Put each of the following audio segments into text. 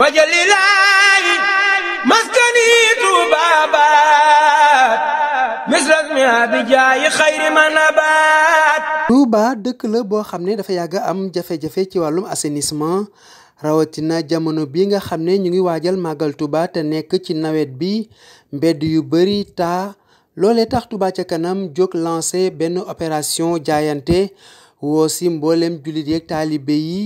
wajalilaayi dëkk la boo xam ne dafa yàgg am jafe-jafe ci wàllum assenissement rawatina jamono bi nga xam ne ñu ngi waajal màggal Touba te nekk ci nawet bi mbedd yu bari taa loole tax Touba ca kanam jóg lancé benn opération jaayante woo si mbooleem jullit yeeg taalibe yi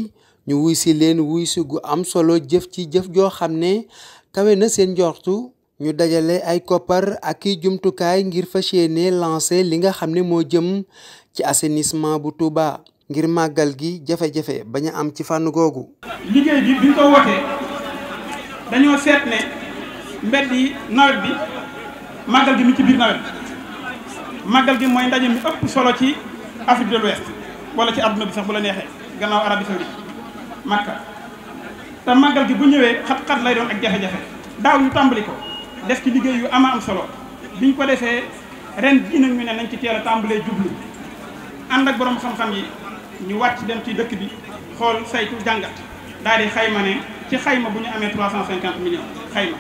ñu wuy si leen wuy gu am solo jëf ci jëf joo xam ne kawe na seen njortu ñu dajale ay koppar ak i jumtukaay ngir fas ne lancé li nga xam ne moo jëm ci assainissement bu Touba ngir màggal gi jafe-jafe bañ a am ci fànn googu. liggéey bi biñ ko wootee dañoo seet ne mbedd nawet bi màggal gi mi ci biir nawet màggal gi mooy ndaje mi ëpp solo ci Afrique de wala ci àdduna bi sax bu la neexee makka te màggal gi bu ñëwee xat-xat lay doon ak jafe-jafe daaw ñu tàmbali ko def ci liggéey yu ama am solo biñ ko defee ren ji nag ñu ne nañ ci teel a tàmbalee jublu ànd ak borom xam-xam yi ñu wàcc dem ci dëkk bi xool saytu jàngat daal di xayma ne ci xayma bu ñu amee 350 millions xayma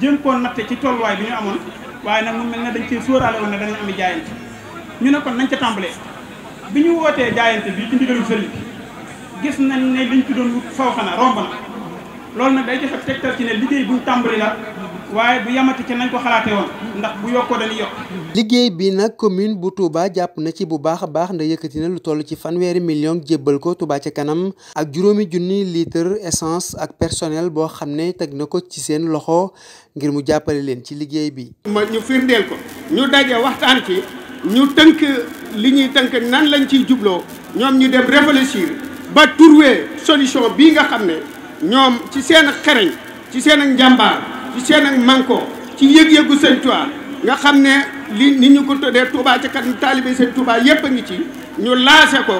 jëm koon natte ci tolluwaay bi ñu amoon waaye nag mu mel ne dañ cee sóoraale woon ne dañu am jaayante ñu ne kon nañ ca tàmbalee bi ñu wootee jaayante bi ci ndigalu sëriñ gis nañ ne liñ ci doon faw xanaa romb na loolu nag day joxe tegtal ci ne liggéey buñ tàmbali la waaye bu yamati ci nañ ko xalaatee woon ndax bu yokkoo dañuy yokk. liggéey bi nag commune bu tuuba jàpp na ci bu baax a baax nda yëkkati na lu toll ci fanweeri million jébbal ko Touba ci kanam ak juróomi junni litre essence ak personnel boo xam ne teg na ko ci seen loxo ngir mu jàppale leen ci liggéey bi. ma ñu firndeel ko ñu daje waxtaan ci ñu tënk li ñuy tënk lañ ciy jubloo ba trouver solution bii nga xam ne ñoom ci seen xereñ ci seen ak njàmbaar ci seen ak ci yëg-yëgu sëñ nga xam ne li ni ñu ko dee Tuubaa ci kanam taalibe seen Tuubaa yépp a ngi ci ñu laase ko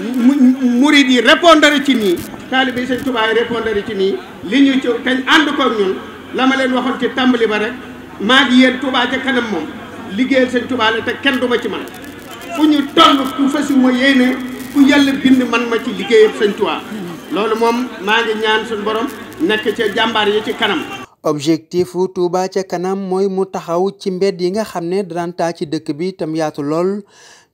murid yi répondre ci nii taalibe sëñ Tuubaa yi répondre ci nii li ñu ci teñ ànd koog ñun la ma leen waxoon ci tàmbali ba rek maa ngi yéen Tuubaa ca kanam moom liggéeyal sëñ Tuubaa la te kenn du ci man fu ñu toll ku fasiwuma yéene ku yàlla bind man ma ci liggéeyam sëñ Tuubaa loolu moom maa ngi ñaan suñu borom nekk ca jàmbaar yi ci kanam. objectifu Touba ca kanam mooy mu taxaw ci mbedd yi nga xam ne daan ci dëkk bi tam yaatu lool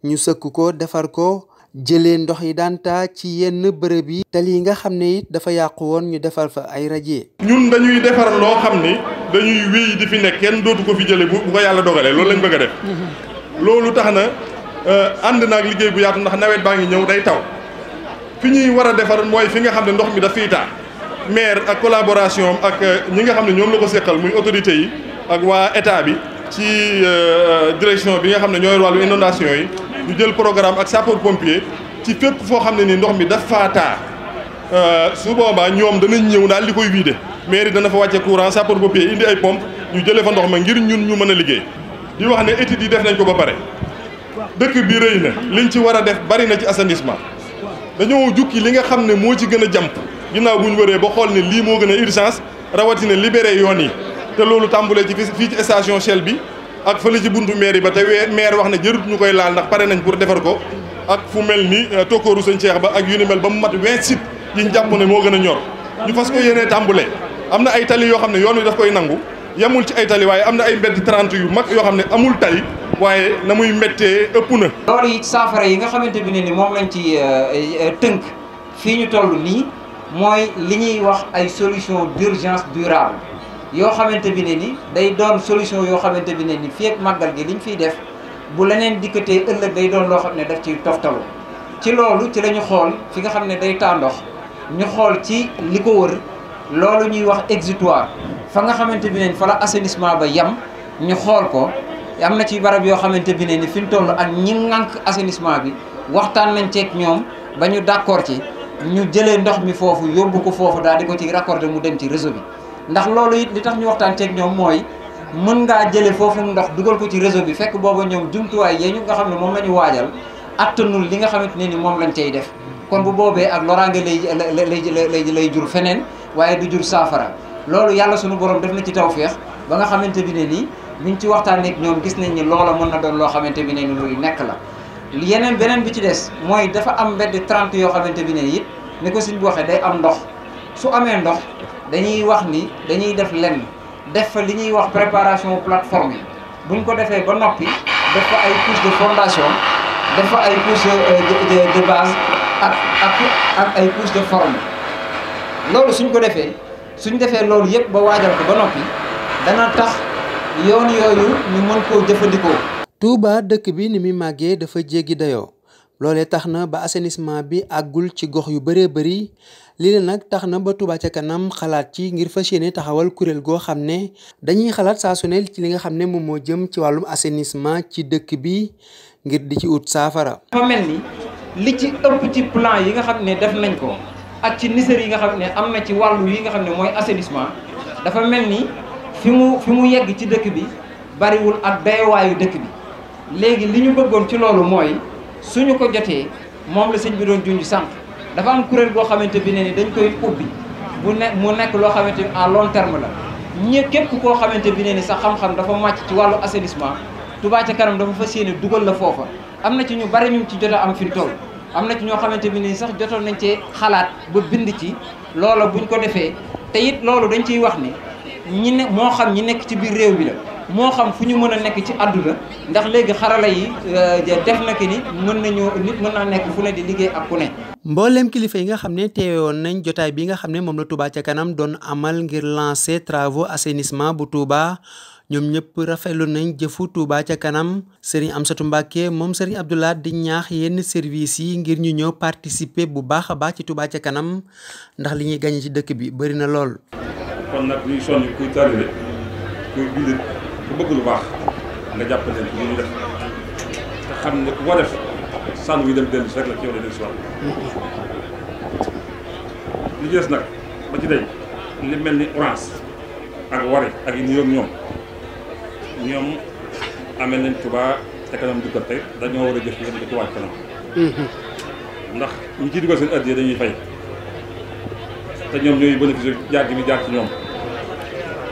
ñu sëkk ko defar ko jëlee ndox yi daan ci yenn bërëb yi. tali yi nga xam ne dafa yàqu woon ñu defar fa ay radier. ñun dañuy defar loo xam ni dañuy wéy di fi nekk kenn dootu ko fi jëlee bu ko yàlla dogalee loolu lañ bëgg def. Mm-hmm. loolu tax na. Euh, ànd naag liggéey bu yaatu ndax nawet baa ngi ñëw day taw fi ñuy war a defar mooy fi nga xam ne ndox mi daf fiy taa maire ak collaboration ak euh, ñi nga xam ne ñoom la ko séqal muy autorités yi ak waa état bi ci euh, direction bi nga xam ne ñooy wàllu inondation yi ñu jël programme ak sapeur pompier ci fépp foo xam ne nii ndox mi daf faa taa su boobaa ñoom danañ ñëw daal di koy vider maire dana fa wàcce courant sapeur pompier indi ay pompe ñu jëlee fa ndox ma ngir ñun ñu mën a liggéey di wax ne études yi def nañ ko ba pare dëkk bi rëy na liñ ci war a def bari na ci assainissement dañoo jukki li nga xam ne moo ci gën a jàmp ginnaaw bu ñu wëree ba xool ne lii moo gën a urgence rawatina libéré yoon yi te loolu tàmbulee ci fii ci station Shell bi ak fële ci buntu maire yi ba te maire wax ne jërut ñu koy laal ndax pare nañ pour defar ko ak fu mel ni euh, tokkooru sëñ Cheikh ba ak yu ni mel ba mu mat vingt sites yi ñu jàpp ne moo gën a ñor ñu fas ko yenee tàmbule am na ay tali yoo xam ne yoon daf koy nangu yamul ci ay tali waaye am na ay mbedd yu mag yoo xam ne amul tali waaye na muy méttee ëpp na. loolu it saafara yi nga xamante bi ne ni moom lañ ci euh, euh, tënk fii ñu toll nii mooy li ñuy wax ay solution d'urgence durable yoo xamante bi ne ni day doon solution yoo xamante bi ne ni fii ak màggal gi liñ fiy def bu leneen dikkatee ëllëg day doon loo xam ne daf ci toftalu ci loolu ci lañu xool fi nga xam ne day tàndox ñu xool ci li ko wër loolu ñuy wax exutoire fa nga xamante bi ne fa la assainissement ba yam ñu xool ko am na ci barab yoo xamante bi ne ni fi mu toll ak ñi ŋànk assainissement bi waxtaan nañ ceeg ñoom ba ñu d'accord ci ñu jëlee ndox mi foofu yóbbu ko foofu daal di ko ci raccorder mu dem ci réseau bi ndax loolu it li tax ñu waxtaan ceeg ñoom mooy mën ngaa jële foofu ndox dugal ko ci réseau bi fekk booba ñoom jumtuwaay yee ñu nga xam ne moom la ñu waajal attanul li nga xamante ne nii moom lañ cay def kon bu boobee ak loraange lay lay lay jur feneen waaye du jur saafara loolu yàlla sunu borom def na ci tawféex ba nga ñu ci waxtaanee ak ñoom gis nañ ni loola mën na doon loo xamante bi ne ni luy nekk la yeneen beneen bi ci des mooy dafa am mbedd trent yoo xamante bi ne it ni ko suñ bu waxee day am ndox su amee ndox dañuy wax ni dañuy def lenn def fa li ñuy wax préparation plateforme yi buñ ko defee ba noppi def fa ay couche de fondation def fa ay couche euh, de de ak ak ay couche de forme loolu suñ ko defee suñ defee loolu yëpp ba waajal ko ba noppi dana tax. yoon yooyu ñu mën koo jëfandikoo. Touba dëkk bi ni muy màggee dafa jéggi dayoo loole tax na ba assainissement bi àggul ci gox yu bëree bëri lii nag tax na ba Touba ca kanam xalaat ci ngir fas yéene taxawal kuréel goo xam ne dañuy xalaat saa su ci li nga xam ne moom moo jëm ci wàllum assainissement ci dëkk bi ngir di ci ut saafara. dafa mel ni li ci ëpp ci plan yi nga xam ne def nañ ko ak ci niseer yi nga xam ne am na ci wàllu yi nga xam ne mooy assainissement fi mu fi mu yegg ci dëkk bi bariwul ak dayawaayu dëkk bi léegi li ñu bëggoon ci loolu mooy suñu ko jotee moom la sëñ bi doon junj sànq dafa am kuréel goo xamante bi ne ni dañ koy ubbi bu ne mu nekk loo xamante ni à long terme la ñëpp képp koo xamante bi ne ni sa xam-xam dafa màcc ci wàllu assainissement Touba ca kanam dafa fas yéene dugal la foofa am na ci ñu bari ñu ci jot a am fi toll am na ci ñoo xamante bi ne sax jotoon nañ cee xalaat ba bind ci loola buñ ko defee te it loolu dañ ciy wax ni ñi ne moo xam ñi nekk ci biir réew mi la moo xam fu ñu mën a nekk ci àdduna ndax léegi xarala yi euh, def na ki ni mën nañoo nit mën naa nekk fu ne di liggéey ak ku ne. mboolem kilifa yi nga xam ne teewoon nañ jotaay bi nga xam ne moom la Touba ca kanam doon amal ngir lancer travaux assainissement bu Touba ñoom ñëpp rafetlu nañ jëfu Touba ca kanam am setu Mbacké moom Serigne Abdou di ñaax yenn service yi ngir ñu ñëw participer bu baax a baax ci Touba ca kanam ndax li ñuy gañe ci dëkk bi bëri na lool. kon nag ñuy soññ kuy taalibe kuy jullit ku bëgg lu baax nga jàppale leen li ñu def te xam ne ku ko def sànn wi dem dellu si rek la ci yow la del si waat nag ba ci day li mel ni orange ak wari ak yi niroog ñoom ñoom amee nañ Touba ca kanam duggal tey dañoo war a jëf yéen di ko waaj kanam mhm. ndax ñi ciy dugal seen addiya dañuy fay te ñoom ñooy bénéfice jaar gi mi jaar ci ñoom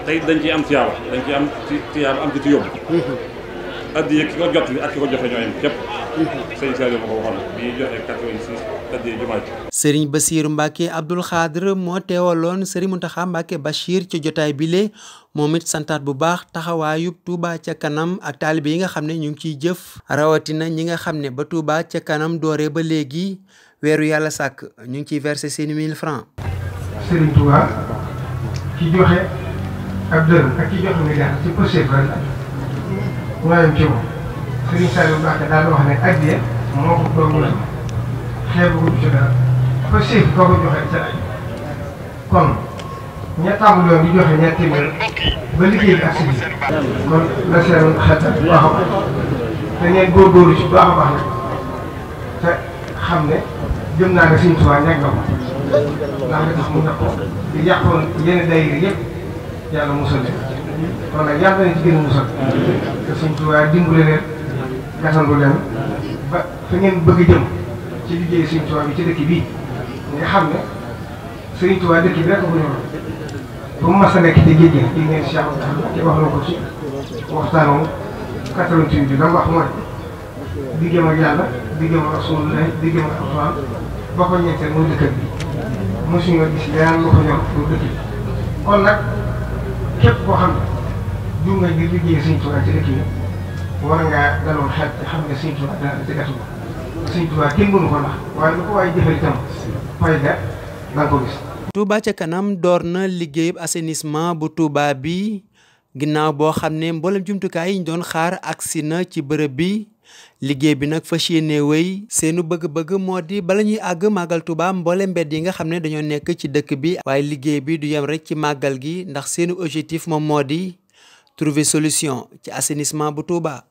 tey dañ ciy am tiyaaba dañ ciy am tiyaaba am ci ci yóbbu addiye ki ko jot li ak ki ko joxe ñoo yem képp sëriñ Bassirou Mbacke Abdoul Khadre moo teewaloon sëriñ Mountakha Mbacke Bachir ci jotaay bile moom it santaat bu baax taxawaayu tuuba ca kanam ak taalibe yi nga xam ne ñu ngi ciy jëf rawatina ñi nga xam ne ba Touba ca kanam dooree ba léegi weeru yàlla sàkk ñu ngi ciy versé seeni mille francs ak dërëm ak ki joxe nga ci poche ba la mooyam ci moom Serigne Saliou Mbacké daal wax ne addiya moo ko doon mën na ko ci dara ko joxe ca lañ kon ña tàmbaloon di joxe ñetti mil ba liggéey bi ak si kon la seen xetal bu baax a baax te ngeen góorgóorlu ci baax a baax te xam ne jëm naa ne Serigne Touba na ko ndax li tax mu ko di yàqoon yenn daayira yëpp. yàlla musal ci kon nag yàlla nañ ci gën a musal te suñ Tuubaa dimbale leen gasandu leen ba fa ngeen bëgg jëm ci liggéey suñ Tuubaa bi ci dëkk bii nga xam ne suñ Tuubaa dëkk bi rek ko ñoroon ba mu mas a nekk ci géej gi di ngeen Cheikh Abdou wax na ko ci waxtaanu 88 bi la mu wax mooy di ak yàlla diggam ak Rasulullah diggam ak Alxuraan ba ko ñeenteel mooy dëkk bi mosuñu gis leneen lu ko ñor pour dëkk bi kon nag képp koo xam ne jur nga ci dëkk yi ci ca kanam door na liggéeyub assainissement bu Touba bi ginnaaw boo xam ne mboolem jumtukaay yi ñu doon xaar agsi na ci bërëb bi. liggéey bi nag fas ne wéy seenu bëgg-bëgg moo di bala ñuy àgg màggal Tuuba mboole mbedd yi nga xam ne dañoo nekk ci dëkk bi waaye liggéey bi du yem rek ci màggal gi ndax seenu objectif moom moo di trouver solution ci assainissement bu Tuuba